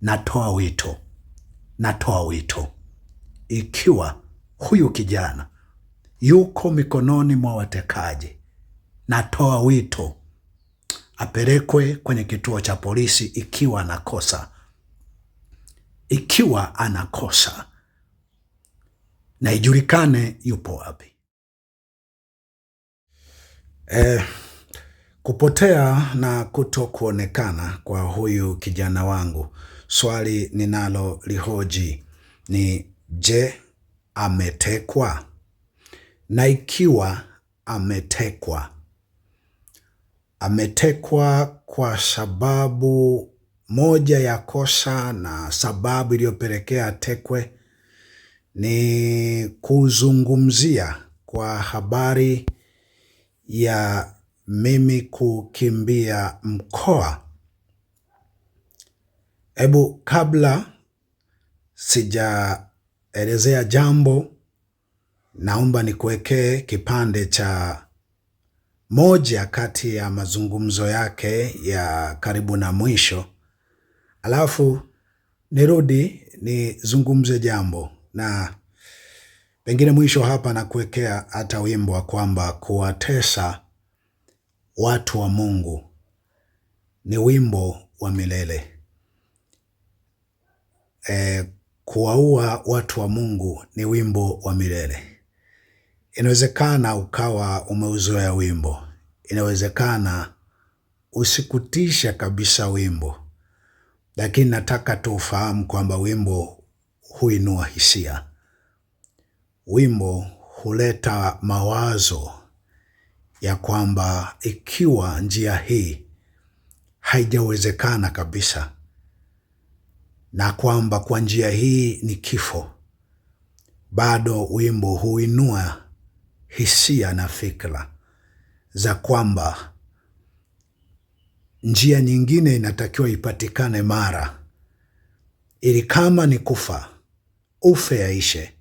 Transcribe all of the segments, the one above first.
natoa wito, natoa wito, ikiwa huyu kijana yuko mikononi mwa watekaji, natoa wito apelekwe kwenye kituo cha polisi ikiwa anakosa, ikiwa anakosa, na ijulikane yupo wapi. Eh. Kupotea na kutokuonekana kwa huyu kijana wangu, swali lihoji ni je, ametekwa? Na ikiwa ametekwa, ametekwa kwa sababu moja ya kosa na sababu iliyopelekea atekwe ni kuzungumzia kwa habari ya mimi kukimbia mkoa? Hebu kabla sijaelezea jambo, naomba nikuwekee kipande cha moja kati ya mazungumzo yake ya karibu na mwisho, alafu nirudi nizungumze jambo, na pengine mwisho hapa nakuwekea hata wimbo wa kwamba kuwatesa watu wa Mungu ni wimbo wa milele. E, kuwaua watu wa Mungu ni wimbo wa milele. Inawezekana ukawa umeuzoea wimbo, inawezekana usikutisha kabisa wimbo, lakini nataka tu ufahamu kwamba wimbo huinua hisia, wimbo huleta mawazo ya kwamba ikiwa njia hii haijawezekana kabisa, na kwamba kwa njia hii ni kifo, bado wimbo huinua hisia na fikra za kwamba njia nyingine inatakiwa ipatikane mara, ili kama ni kufa ufe aishe,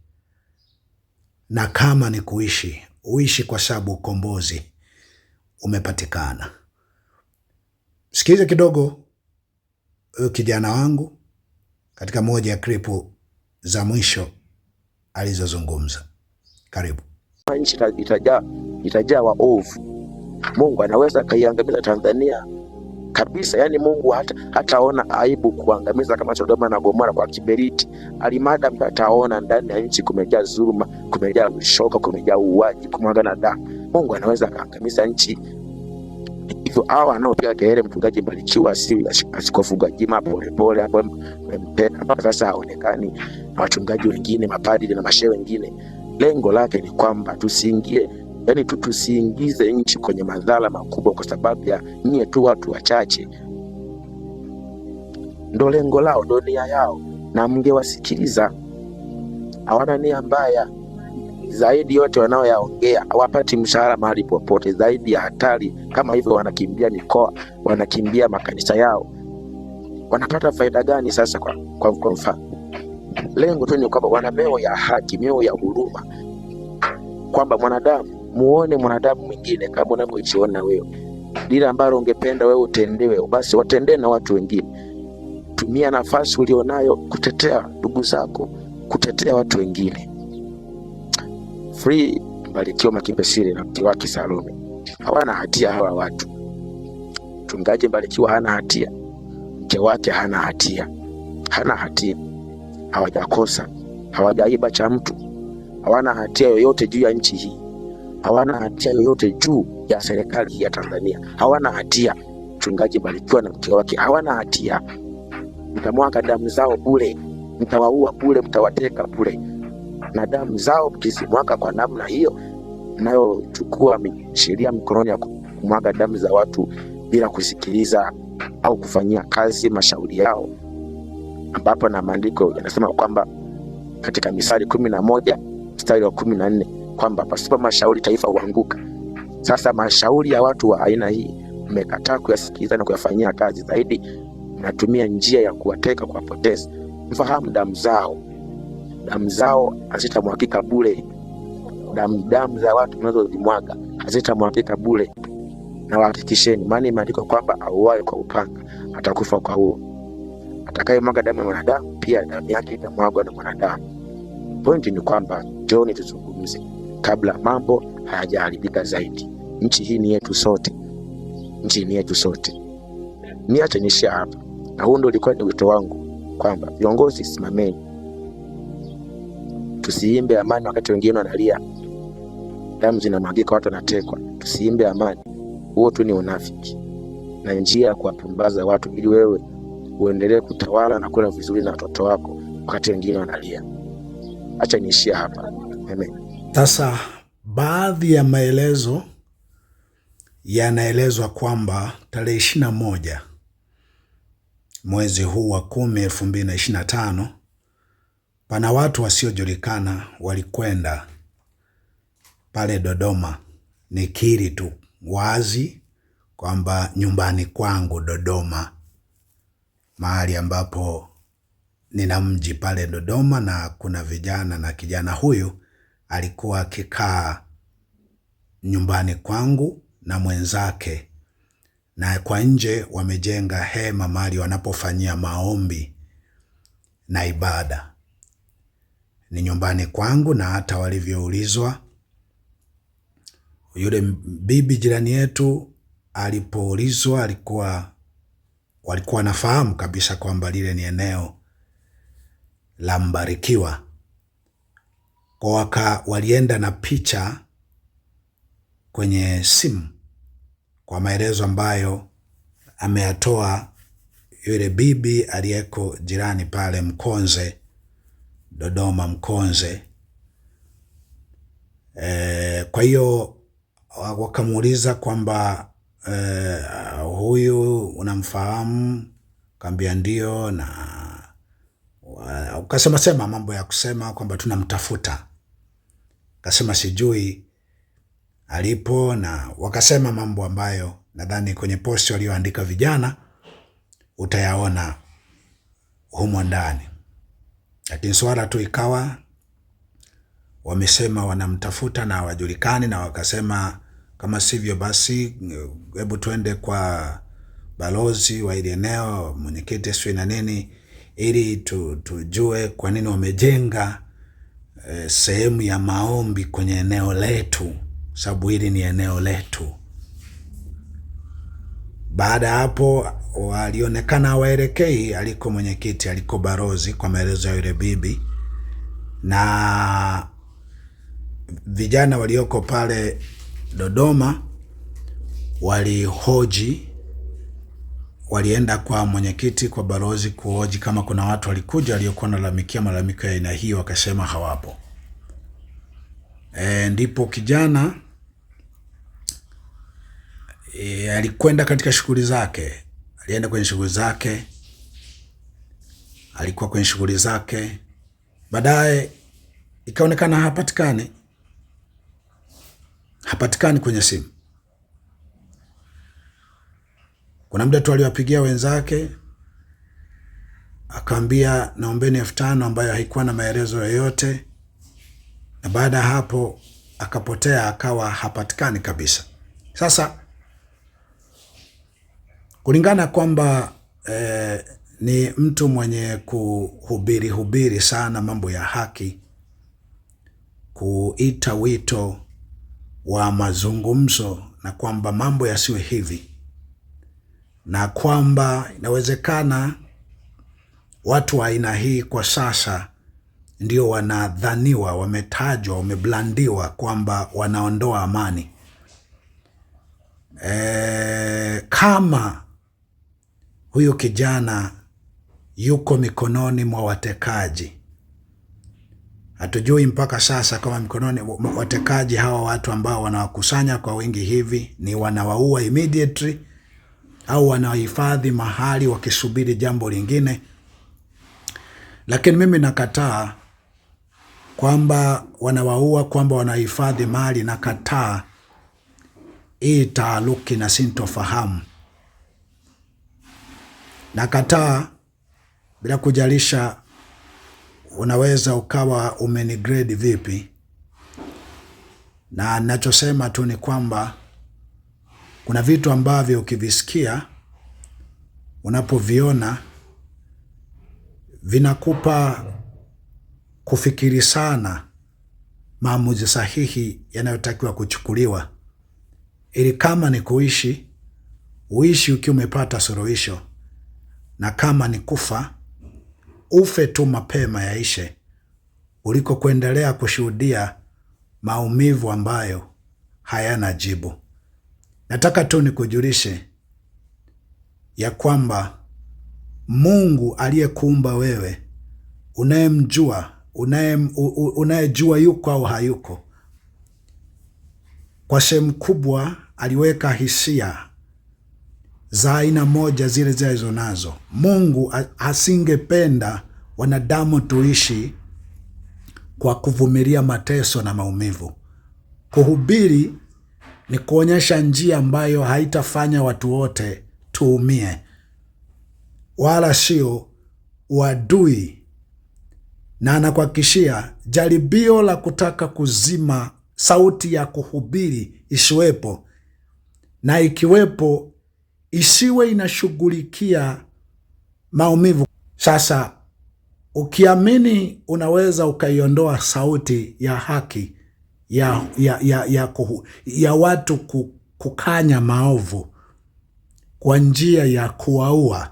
na kama ni kuishi uishi kwa sababu ukombozi umepatikana. Sikiza kidogo huyu kijana wangu katika moja ya klipu za mwisho alizozungumza. Karibu. Nchi itajaa waovu, Mungu anaweza akaiangamiza Tanzania kabisa, yani Mungu hata hataona aibu kuangamiza kama Sodoma na Gomora kwa kiberiti, alimadam ataona ndani ya nchi kumejaa dhuluma, kumejaa ushoka kumejaa uuaji, na damu, Mungu anaweza akaangamiza nchi hivyo hawa wanaopiga kelele mchungaji Mbarikiwa si Askofu Gwajima polepole hapo mpaka sasa haonekani, na wachungaji wengine, mapadili na mashehe wengine, lengo lake ni kwamba tusiingie yani tu tusiingize nchi kwenye madhara makubwa kwa sababu ya nyie tu watu wachache. Ndo lengo lao, ndo nia yao, na mngewasikiliza. Hawana nia mbaya. Zaidi yote wanaoyaongea hawapati mshahara mahali popote. Zaidi ya hatari kama hivyo, wanakimbia mikoa, wanakimbia makanisa yao, wanapata faida gani? Sasa kwa, kwa, kwa mfano lengo tu ni kwamba wana mioyo ya haki, mioyo ya huruma, kwamba mwanadamu muone mwanadamu mwingine kama unavyojiona wewe. Lile ambalo ungependa wewe utendewe, basi watendee na watu wengine. Tumia nafasi ulionayo kutetea ndugu zako, kutetea watu wengine. Free Mbarikiwa Makimbesile na mke wake Salome hawana hatia hawa watu. Mchungaji Mbarikiwa hana hatia, mke wake hana hatia, hana hatia, hawajakosa, hawajaiba cha mtu, hawana hatia yoyote juu ya nchi hii hawana hatia yoyote juu ya serikali ya Tanzania, hawana hatia. Mchungaji Barikiwa na mke wake hawana hatia, mtamwaga damu zao bure, mtawaua bure, mtawateka bure, na damu zao mkizimwaga kwa namna hiyo, mnayochukua sheria mikononi ya kumwaga damu za watu bila kusikiliza au kufanyia kazi mashauri yao, ambapo na maandiko yanasema kwamba katika Misali kumi na moja mstari wa kumi na nne kwamba pasipo mashauri taifa huanguka. Sasa mashauri ya watu wa aina hii mmekataa kuyasikiliza na kuyafanyia kazi, zaidi mnatumia njia ya kuwateka, kuwapoteza. Mfahamu damu zao, damu zao hazitamwagika bure. Damu damu za watu mnazozimwaga hazitamwagika bure, na wahakikisheni, maana imeandikwa kwamba auawe kwa upanga atakufa kwa huo. Atakayemwaga damu ya mwanadamu, pia damu yake itamwagwa na mwanadamu. Pointi ni kwamba njoni tuzungumze kabla mambo hayajaharibika zaidi. Nchi hii ni yetu sote, nchi ni yetu sote. Niache nishia hapa, na huu ndio ulikuwa ni wito wangu kwamba viongozi, simameni, tusiimbe amani wakati wengine wanalia, damu zinamwagika, watu wanatekwa. Tusiimbe amani, huo tu ni unafiki na njia ya kuwapumbaza watu ili wewe uendelee kutawala na kula vizuri na watoto wako wakati wengine wanalia. Acha niishia hapa. Amen. Sasa baadhi ya maelezo yanaelezwa kwamba tarehe ishirini na moja mwezi huu wa kumi elfu mbili na ishirini na tano pana watu wasiojulikana walikwenda pale Dodoma. ni kiri tu wazi kwamba nyumbani kwangu Dodoma, mahali ambapo nina mji pale Dodoma, na kuna vijana na kijana huyu alikuwa akikaa nyumbani kwangu na mwenzake, na kwa nje wamejenga hema mahali wanapofanyia maombi na ibada. Ni nyumbani kwangu, na hata walivyoulizwa yule bibi jirani yetu alipoulizwa, alikuwa walikuwa nafahamu kabisa kwamba lile ni eneo la Mbarikiwa kwa waka walienda na picha kwenye simu kwa maelezo ambayo ameyatoa yule bibi aliyeko jirani pale Mkonze, Dodoma Mkonze. E, kwa hiyo wakamuuliza kwamba e, huyu unamfahamu? kambia ndio, na ukasema sema mambo ya kusema kwamba tunamtafuta kasema sijui alipo, na wakasema mambo ambayo nadhani kwenye posti walioandika vijana utayaona humo ndani, lakini swala tu ikawa wamesema wanamtafuta na hawajulikani, na wakasema kama sivyo basi, hebu tuende kwa balozi wa ili eneo, mwenyekiti, sijui na nini, ili tujue kwa nini wamejenga Eh, sehemu ya maombi kwenye eneo letu, sababu hili ni eneo letu. Baada ya hapo walionekana hawaelekei aliko mwenyekiti, aliko barozi, kwa maelezo ya yule bibi, na vijana walioko pale Dodoma walihoji walienda kwa mwenyekiti, kwa balozi kuoji kama kuna watu walikuja waliokuwa nalalamikia malalamiko ya aina hiyo, wakasema hawapo. E, ndipo kijana e, alikwenda katika shughuli zake, alienda kwenye shughuli zake, alikuwa kwenye shughuli zake, baadaye ikaonekana hapatikani, hapatikani kwenye simu. Kuna mda tu aliwapigia wenzake akaambia naombeni elfu tano ambayo haikuwa na maelezo yoyote, na baada ya hapo akapotea, akawa hapatikani kabisa. Sasa kulingana kwamba eh, ni mtu mwenye kuhubiri hubiri sana mambo ya haki, kuita wito wa mazungumzo na kwamba mambo yasiwe hivi na kwamba inawezekana watu wa aina hii kwa sasa ndio wanadhaniwa, wametajwa, wameblandiwa kwamba wanaondoa amani. E, kama huyu kijana yuko mikononi mwa watekaji, hatujui mpaka sasa kama mikononi watekaji hawa, watu ambao wanawakusanya kwa wingi hivi, ni wanawaua immediately au wanahifadhi mahali wakisubiri jambo lingine. Lakini mimi nakataa kwamba wanawaua, kwamba wanahifadhi mali. Nakataa hii taaluki na sintofahamu. Nakataa bila kujalisha unaweza ukawa umenigrade vipi, na nachosema tu ni kwamba kuna vitu ambavyo ukivisikia, unapoviona vinakupa kufikiri sana maamuzi sahihi yanayotakiwa kuchukuliwa, ili kama ni kuishi uishi ukiwa umepata suluhisho, na kama ni kufa ufe tu mapema yaishe, kuliko kuendelea kushuhudia maumivu ambayo hayana jibu. Nataka tu nikujulishe ya kwamba Mungu aliyekuumba wewe, unayemjua unayejua yuko au hayuko, kwa sehemu kubwa aliweka hisia za aina moja zile zilizo nazo. Mungu asingependa wanadamu tuishi kwa kuvumilia mateso na maumivu. Kuhubiri ni kuonyesha njia ambayo haitafanya watu wote tuumie, wala sio uadui. Na anakuhakikishia jaribio la kutaka kuzima sauti ya kuhubiri isiwepo, na ikiwepo isiwe inashughulikia maumivu. Sasa ukiamini unaweza ukaiondoa sauti ya haki ya, ya, ya, ya, kuhu, ya watu kukanya maovu kwa njia ya kuwaua,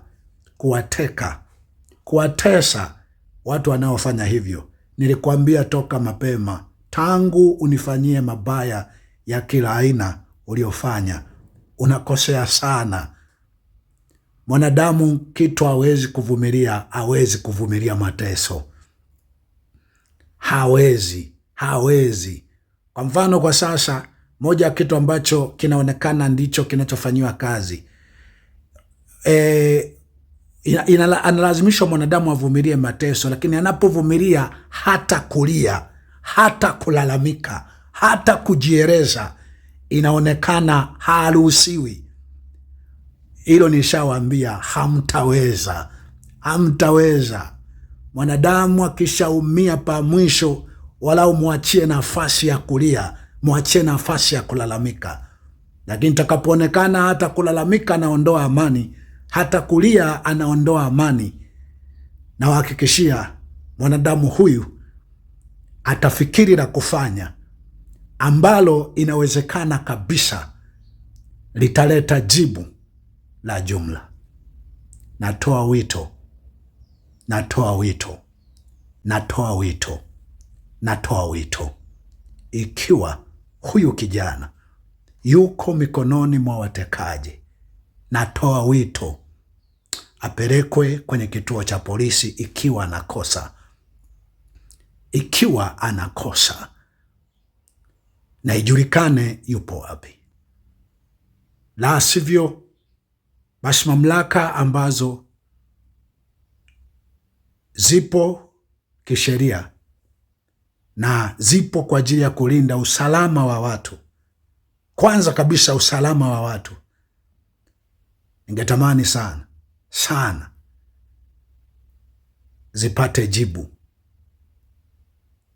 kuwateka, kuwatesa watu wanaofanya hivyo. Nilikwambia toka mapema, tangu unifanyie mabaya ya kila aina uliofanya. Unakosea sana. Mwanadamu kitu hawezi kuvumilia, hawezi kuvumilia mateso, hawezi, hawezi kwa mfano, kwa sasa moja ya kitu ambacho kinaonekana ndicho kinachofanyiwa kazi e, analazimishwa mwanadamu avumilie mateso, lakini anapovumilia hata kulia, hata kulalamika, hata kujiereza, inaonekana haruhusiwi. Hilo nishawaambia, hamtaweza, hamtaweza. Mwanadamu akishaumia pa mwisho walau mwachie nafasi ya kulia, mwachie nafasi ya kulalamika. Lakini takapoonekana hata kulalamika anaondoa amani, hata kulia anaondoa amani, na wahakikishia mwanadamu huyu atafikiri la kufanya ambalo inawezekana kabisa litaleta jibu la jumla. Natoa wito, natoa wito, natoa wito natoa wito, ikiwa huyu kijana yuko mikononi mwa watekaji, natoa wito apelekwe kwenye kituo cha polisi ikiwa anakosa, ikiwa anakosa, na ijulikane yupo wapi, la sivyo basi mamlaka ambazo zipo kisheria na zipo kwa ajili ya kulinda usalama wa watu. Kwanza kabisa usalama wa watu. Ningetamani sana sana zipate jibu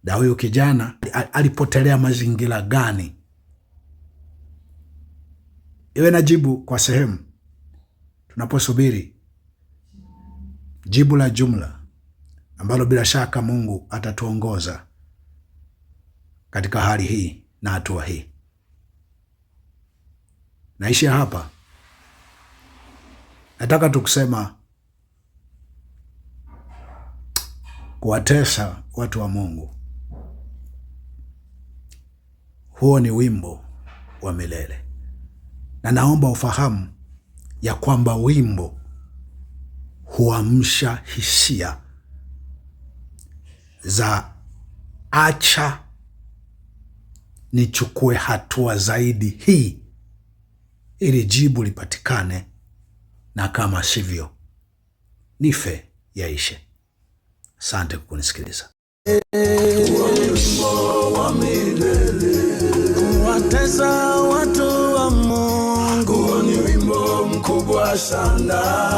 na huyu kijana alipotelea mazingira gani, iwe na jibu kwa sehemu, tunaposubiri jibu la jumla ambalo bila shaka Mungu atatuongoza katika hali hii na hatua hii. Naishia hapa. Nataka tu kusema kuwatesa watu wa Mungu, huo ni wimbo wa milele, na naomba ufahamu ya kwamba wimbo huamsha hisia za acha nichukue hatua zaidi hii ili jibu lipatikane, na kama sivyo nife yaishe. Asante kwa kunisikiliza. Watesa watu wa Mungu, ni wimbo mkubwa sana.